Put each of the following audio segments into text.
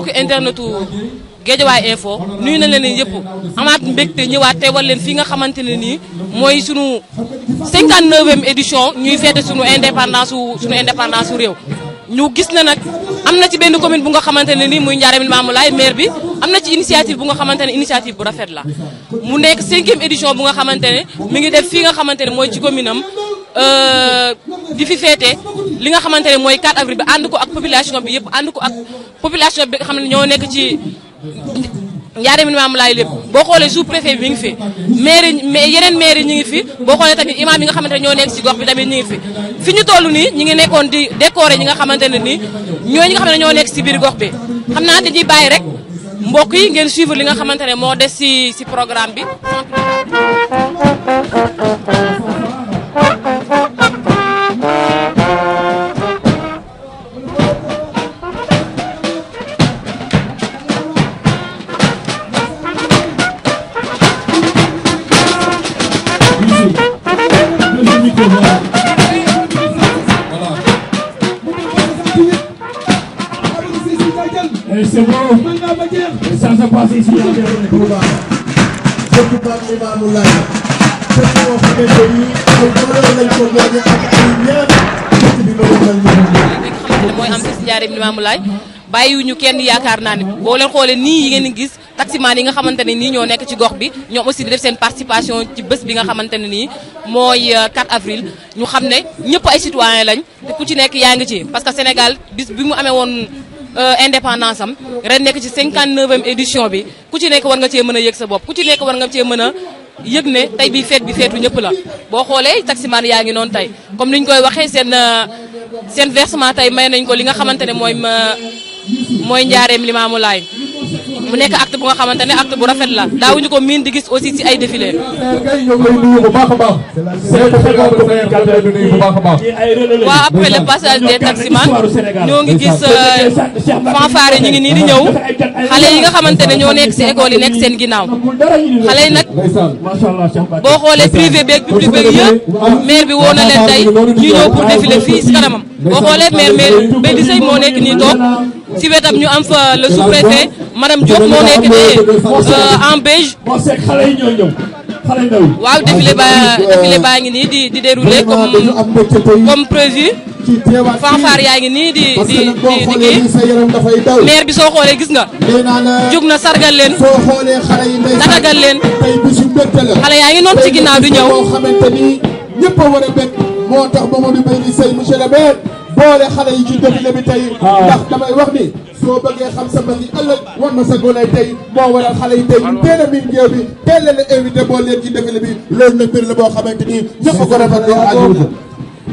mbokk internetu Guédiawaye info nuyu na leen ne yëpp amaat mbégte ñëwaat teewal leen fi nga xamante ne nii mooy sunu 59e édition ñuy feete sunu indépendance su sunu indépendance su réew. ñu gis na nag am na ci benn commune bu nga xamante ne nii muy Ndiarème Limamoulaye maire bi am na ci initiative bu nga xamante ne initiative bu rafet la mu nekk cinquième édition bu nga xamante ne mi ngi def fii nga xamante ne mooy ci commune am Euh, di fi féete li nga xamante ne mooy 4 avril bi ànd ko ak population bi yëpp ànd ko ak population bi nga xam ne ñoo nekk ci mi njaareem maam laay lépp boo xoolee sous préfet bi mi ngi fi maire mais yeneen maire ñu ngi fi boo xoolee tamit imam yi nga xamante ñoo nekk ci gox bi tamit ñu fi fi ñu toll nii ñu ngi nekkoon di décorer ñi nga xamante ne nii ñooñu nga xam ñoo nekk ci biir gox bi xam naa dañuy bàyyi rek mbokk yi ngeen suivre li nga xamante ne moo des si ci programme bi Cheikhul Koulibaly dëkk Ba Limaamu Laay dëkk boo xamante ni ay valeur lañ ko ñaane ak ay ñaan dëkk bi loolu mel ni moom mooy am ci njaareem Limaamu Laay bàyyiwuñu kenn yaakaar naa ne boo leen xoolee nii yi ngeen gis taximaan yi nga xamante ne nii ñoo nekk ci gox bi ñoom aussi di def seen participation ci bés bi nga xamante ne nii mooy 4 euh, avril ñu xam ne ñëpp ay citoyen lañ te ku ci nekk yaa ngi ci parce que Sénégal bis bi mu amee woon Euh, indépendance am ren nekk ci 59e édition bi ku ci nekk war nga cee mën a yëg sa bopp ku ci nekk war nga cee mën a yëg ne tey bi feet bi feetu ñëpp la boo xoolee taximaan yaa ngi noonu tey comme ni ñu koy waxee seen euh, seen versement tey may nañ ko li nga xamante ne mooy euh, mooy njaareem limaamu laay mu nekk acte bu nga xamante ne bu rafet la daawuñu ko miin di gis aussi ci ay défilé. ñoo ngi koy nuyu bu baax a baax. ñoo ngi gis euh, fanfare yi ñu ngi nii ñëw xale yi nga xamante ñoo nekk ci école yi nekk seen ginnaaw xale yi nag boo xoolee privé beeg public beeg yëpp maire bi woo leen tey ñu ñëw pour défilé fii ci kanamam boo xoolee maire maire Bédi Seye moo nekk nii toog. si vous ñu am le sous madame Diop mon euh, en beige. waaw défilé ba défilé di di déroulé comme comme prévu. fanfare di le boole xale yi ci défilé bi tey ah. ndax damay wax ni soo bëggee xam sa mag yi ëllëg war na sa gone tey moo waral xale yi tey ñu teel a miin géew bi teel leen a invité boole leen ci défilé bi loolu nag mbir la boo xamante ni ñëpp ko rafetlu ak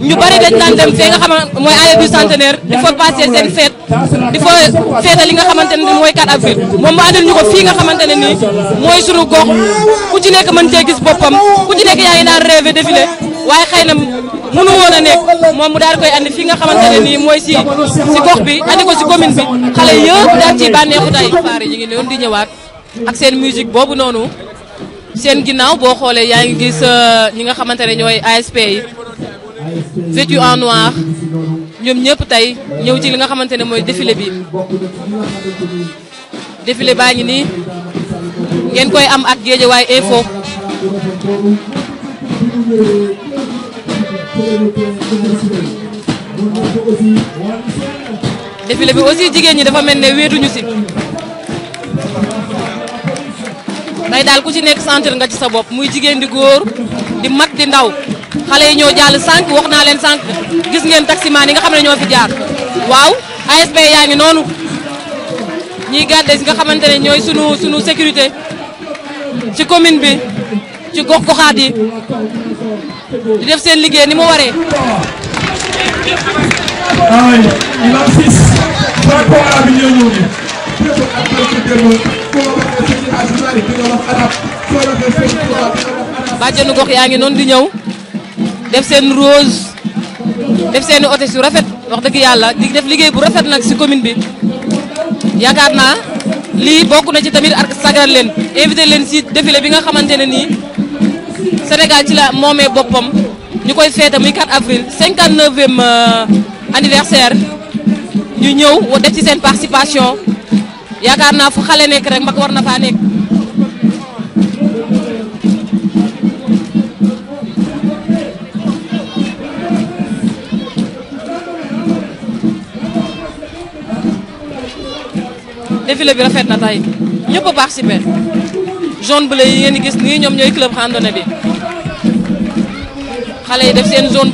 ñu bari dañ daan dem fee nga xamante mooy allée du centenaire di fa passé seen fête di fa fête li nga xamante ne 4 avril moom mu andil ñu ko fii nga xamante ne nii mooy sunu gox ku ci nekk mën cee gis boppam ku ci nekk yaa ngi daan rêvé défilé waaye xëy na mënu woon a nekk mu daal koy andi fi nga xamante ne nii mooy si si gox bi andi ko si commune bi xale yëpp daal ciy bànneexu tey faar yi ngi noonu di ñëwaat ak seen musique boobu noonu seen ginnaaw boo xoolee yaa gis euh, ñi nga xamante ne ASP vêtu en noir ñoom ñëpp tey ñëw ci li nga xamante ne mooy défilé bi défilé baa ngi nii ngeen koy am ak Guédiawaye info bi aussi jigéen ñi dafa mel ne wéetuñu si tey daal ku ci nekk sentir nga ci sa bopp muy jigéen di góor di mag di ndaw xale yi ñoo jàll sànq wax naa leen sànq gis ngeen taximaan yi nga xam ne ñoo fi jaar waaw ASP yaa ngi noonu ñiy garde si nga xamante ne ñooy sunu sunu sécurité ci commune bi ci gox goxaat yi di def seen liggéey ni mu waree. bàjjenu gox yaa ngi noonu di ñëw. def seen rose def seen i otes rafet wax dëgg yàlla di def liggéey bu rafet nag si commune bi yaakaar naa lii bokk na ci tamit ak sagal leen invité leen si défilé bi nga xamante ne nii Sénégal ci la moomee boppam ñu koy feete muy 4 avril 59e euh, anniversaire ñu ñëw def ci seen participation yaakaar naa fu xale nekk rek mag war na faa nekk. défilé bi rafet na tey ñëpp a participé zone bleue yi ngeen di gis nii ñoom ñooy club randonnée bi xale yi def seen zone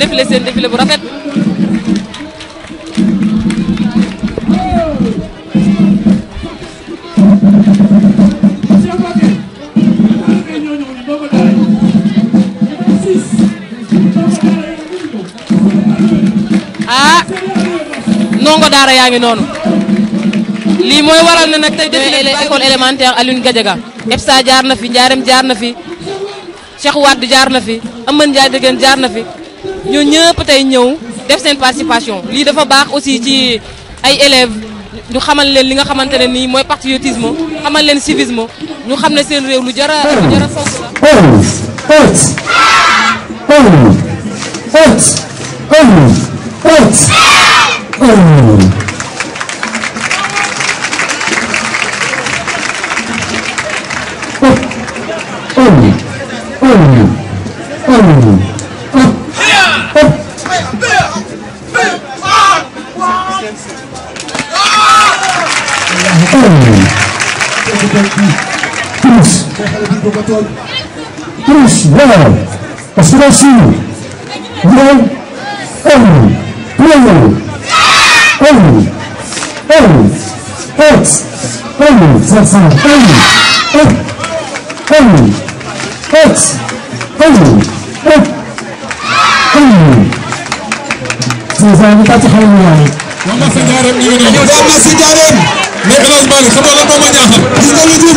défilé défilé bu rafet ah nongo dara yaa nonu lii mooy waral na nag tey défilé école élémentaire Alioune Gadiaga EPSA jaar na fi Ndiarème jaar na fi Cheikh Wade jaar na fi Amane Ndiaye Dégène jaar na fi ñoo ñëpp tey ñëw def seen participation lii dafa baax aussi ci ay élèves ñu xamal leen li nga xamante ne nii mooy patriotisme xamal leen civisme ñu xam ne seen réew lu jara lu jara fonk la Only. Only. Only. Up. Up. Only. Push. Push. Well. Osurashi. Well. Only. Play. Only. Only. X. Only. That's not. Only. Only. Hey! Eight! Hey! Hey! Hey! Zizan ta ci xale yaay. Mama sa jaareem ñu ngi noonu. Mama sa jaareem. Nekk na Ousmane xam nga lan moo ma ñaaxal. Gis nga lu jub.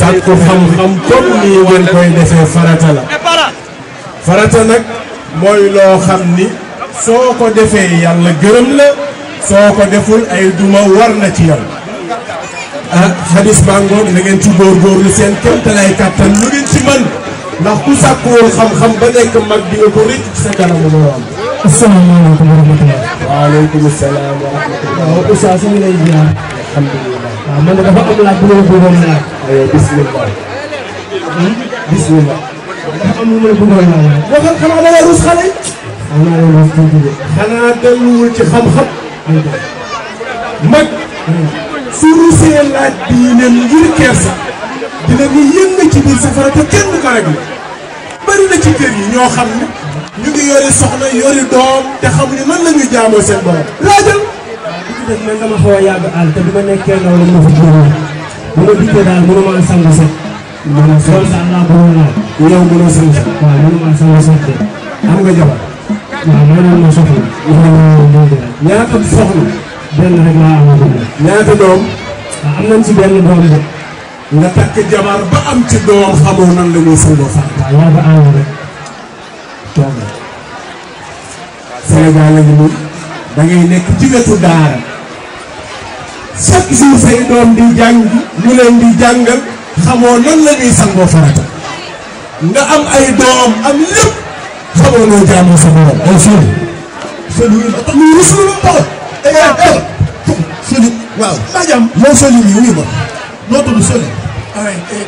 sàkku xam-xam comme nii ngeen koy defee farata la eh, farata nag mooy loo xam ni soo ko defee yàlla gërëm la soo ko deful ay duma war na ci yoon ah xadis bàngoog na ngeen ci góorgóorlu seen kéemtalaay kàttan lu ngeen ci mën ndax ku sàkkuwul xam-xam ba nekk mag di nga ko rëcc sa kanamu borom. asalaamaaleykum salaam wa rahmatulah. waaw dafa am laaj bu ma bëggoon laaj. bismillah bismillah xam nga lu ma la waxal xanaa da ngay rus xale yi. xanaa delluwul ci xam-xam. mag. su rusee laaj diine ngir kersa. dina ñu yëng ci biir safara te kenn du ko réglé. bari na ci kër yi ñoo xam ne. ñu ngi yori soxna yori doom te xamuñu nan la ñuy jaamoo seen borom. laajal. li ci des man dama xaw a yàgg àll te bi ma nekkee ndaw la ma fa bu a dikkee daal mënuma sangu set. mënuma sangu set loolu bëggoon naa. yow mënoo sangu set. waaw sangu set de. am nga jabar. waaw may nañ ma soxna. nga takk jabar ba am ci doom xamoo nan la ñuy sax. waaw yaa ànd rek. toog na. Sénégal nekk ci wetu chaque jour say doom di jàng ñu leen di jàngal xamoo nan la ñuy sangoo farata nga am ay doom am lépp xamoo noo jaamoo sa borom ay fii waaw maa jam yow sëriñ yi wuyu ma noo tudd sëriñ ay tey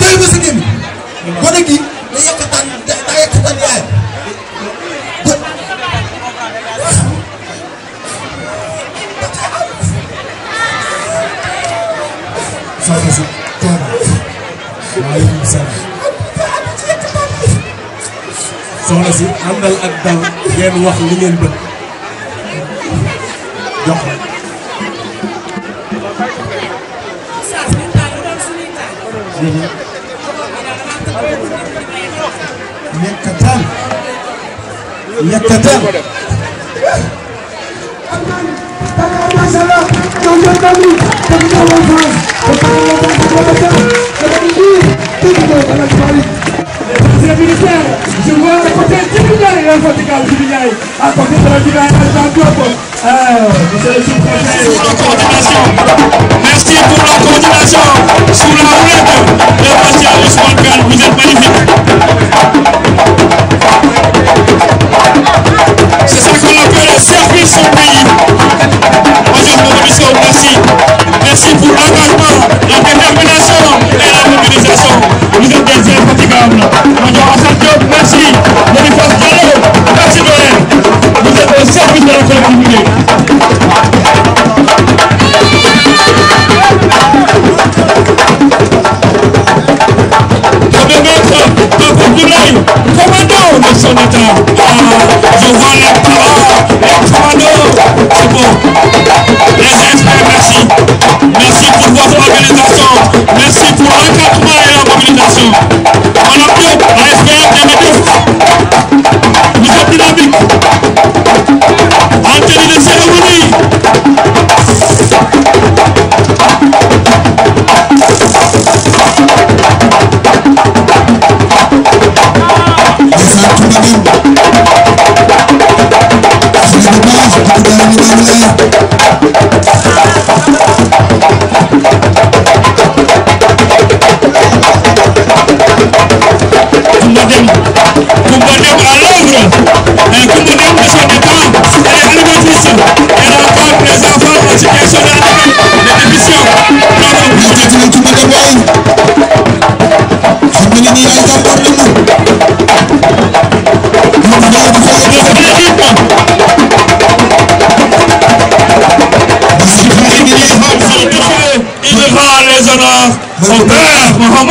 ba sa gémmi gone gi da yàqataan da yàqataan yaay soxna si àndal ak dal ngeen wax li ngeen bëgg jox yekkataan yekkataan masala Merci pour la coordination. Merci pour la coordination.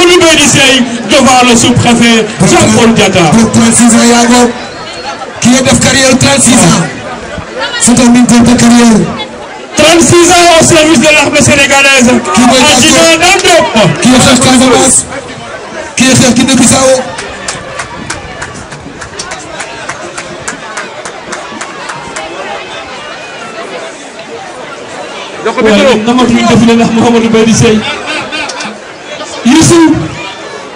de voir devant le sous-préfet Jean-Paul 36 ans, Yago, qui est de carrière 36 ans. 36 ans au service de l'armée sénégalaise. Qui est Qui Qui est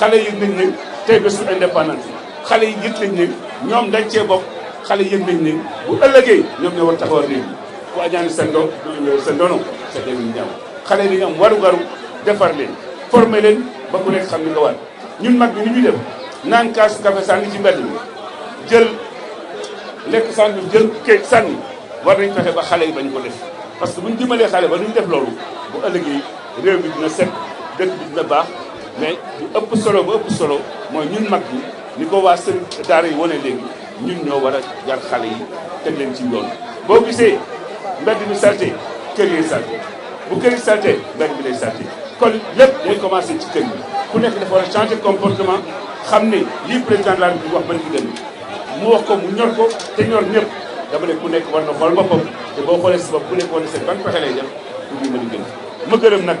xale yëg nañ ne tey bésu indépendance xale yi yëg nañ ne ñoom dañ cee bokk xale yëg nañ ne bu ëllëgee ñoom ñoo war taxawal réew mi ku añaani sa ndo sa ndono sa jëriñ ñaaw xale yi dañu am warugaru defar leen former leen ba ku nekk xam ni nga war ñun mag bi ni ñuy dem naan kaasu café sànni ci mbedd mi jël lekk sànni jël kee sànni war nañ fexe ba xale yi bañ ko def parce que bu ñu dimbalee xale ba duñ def loolu bu ëllëgee réew mi dina set dëkk bi dina baax mais ëpp solo ba ëpp solo mooy ñun mag ñi ni ko waa sëriñ daara yi wane léegi ñun ñoo war a yar xale yi teg leen ci yoon boo gisee mbedd mi salte kër yi salte bu kër yi salte mbedd mi lay salte kon lépp day commencé ci kër yi ku nekk dafa war a changer comportement xam ne lii président de la République wax ban ki mu wax ko mu ñor ko te ñor ñëpp dama ne ku nekk war na xool boppam te boo xoolee si bopp ku nekk war na seet ban pexe lay def pour gën ma nag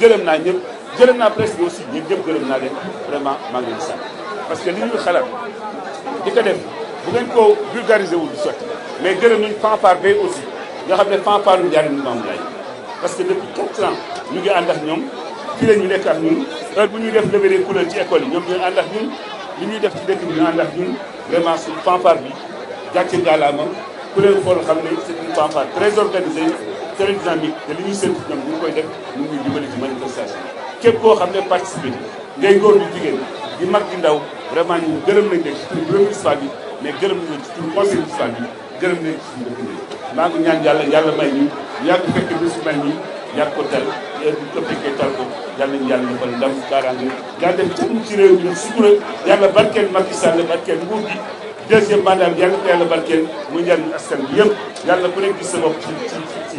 gërëm naa ñëpp gërëm naa presse bi aussi ñun ñëpp gërëm naa leen vraiment maa ngi leen sant parce que li ñu xalaat di ko def bu ngeen ko vulgariser wul du sotti mais gërëm nañu fanfare bay aussi nga xam ne fanfare yu njariñ Maam Laay parce que depuis quatre ans ñu ngi ànd ak ñoom fii la ñu nekk ak ñun heure bu ñuy def lever les couleurs ci école yi ñoom ñooy ànd ak ñun li ñuy def ci dëkk bi ñu ànd ak ñun vraiment suñu fanfare bi gàcce gàllaama couleur leen xool xam ne c'est une fanfare très organisée très dynamique te li ñuy séntu ñoom ñu ngi koy def ñu ngi dimbali ci manifestation képp koo xam ne participé ngay góor di jigéen ji mag di ndaw vraiment ñu gërëm nañ leen ci turu bureau municipal bi mais gërëm nañ ci turu conseil municipal bi gërëm nañ ci suñu dëkk maa ngi ñaan yàlla yàlla may ñu yàgg fekk bi su mel nii yàgg ko tal heure bu ëppee tal ko yàlla nañu mi sutura yàlla barkeel Macky gi deuxième mandat bi yàlla ko yàlla barkeel mu njariñ askan ci ci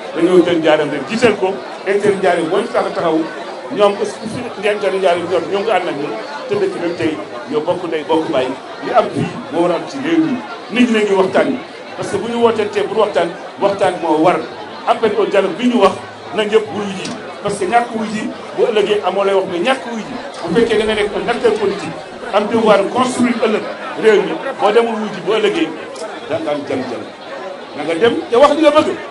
dañoo jël njaareem rek jiital tax a taxaw ñoom aussi suñu njëriñ njaareem ñoom ñoo ngi ko ànd ak ñoom tey ñoo bokk ndey bokk baay li am fii moo war a ci réew mi nit ñi ngi waxtaan yi parce que bu ñu wootee tey bu waxtaan waxtaan moo war appel au dialogue bi ñu wax na ñëpp wuyu ji parce que ñàkk wuyu ji bu ëllëgee amoo lay wax mais ñàkk wuyu ji bu fekkee da nga nekk un acteur politique am devoir construire ëllëg réew mi boo demul wuyu bu ëllëgee da nga am jam-jam dem te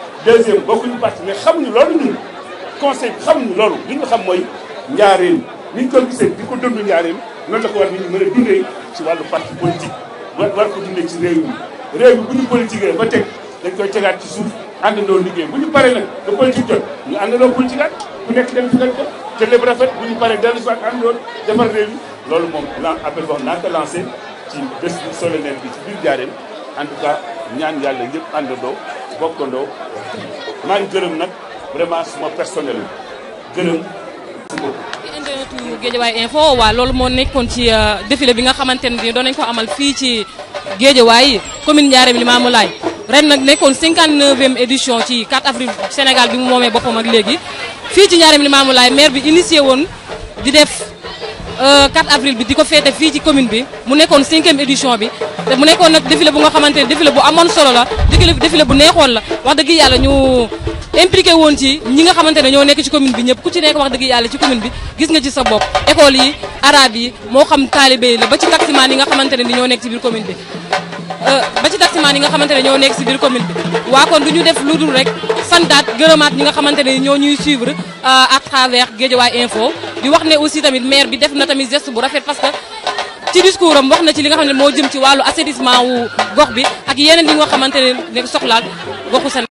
deuxième bokkuñu parti mais xamuñu lolu ñun conseil bi xamuñu loolu li ñu xam moy njaareelu ni ko gisee di ko dund njaareelu noonu la ko war ni ñu dundé ci walu parti politique war war ko dundé ci réew mi réew mi bu ñu politiquee ba teg dañ koy tegaat ci suuf àndandoo liggéey bu ñu paree nag ba politique jot ñu àndandoo politique at ku nekk dem fi nga jot te lépp rafet bu ñu paree dellu si ak àndandoo défar réew mi loolu moom lan appel boobu naa lancé ci bés solennel bi ci bir njaareelu en tout cas ñaan yalla ñëpp àndandoo bokkandoo maa ngi gërëm nag vraiment suma personnel bi gërëm. internetu Guédiawaye info waaw loolu moo nekkoon ci euh, défilé bi nga xamante ne nii doon nañ ko amal fii ci waay commune Ndiarème Limamoulaye ren nag nekkoon 59e édition ci 4 avril Sénégal bi mu moomee boppam ak léegi fii ci Ndiarème Limamoulaye maire bi initié woon di def 4 euh, avril bi di ko féete fii ci commune bi mu nekkoon 5e édition bi. te mu nekkoon nag défilé bu nga xamante ne défilé bu amoon solo la défilé bu neexoon la wax dëgg yàlla ñu impliqué woon ci ñi nga xamante ne ñoo nekk ci commune bi ñëpp ku ci nekk wax dëgg yàlla ci commune bi gis nga ci sa bopp ba ci taximaan yi nga xamante ne ñoo nekk ci biir commune bi euh, ba ci taximaan yi nga xamante ne ñoo nekk ci biir commune bi waa kon du ñu def lu dul rek santaat gërëmaat ñi nga xamante ne ñoo ñuy suivre euh, à travers Guédiawaye info di wax ne aussi tamit maire bi def na tamit geste bu rafet parce ci discours am wax na ci li nga xam ne moo jëm ci wàllu assainissement wu gox bi ak yeneen li nga xamante ne soxlaal goxu Sénégal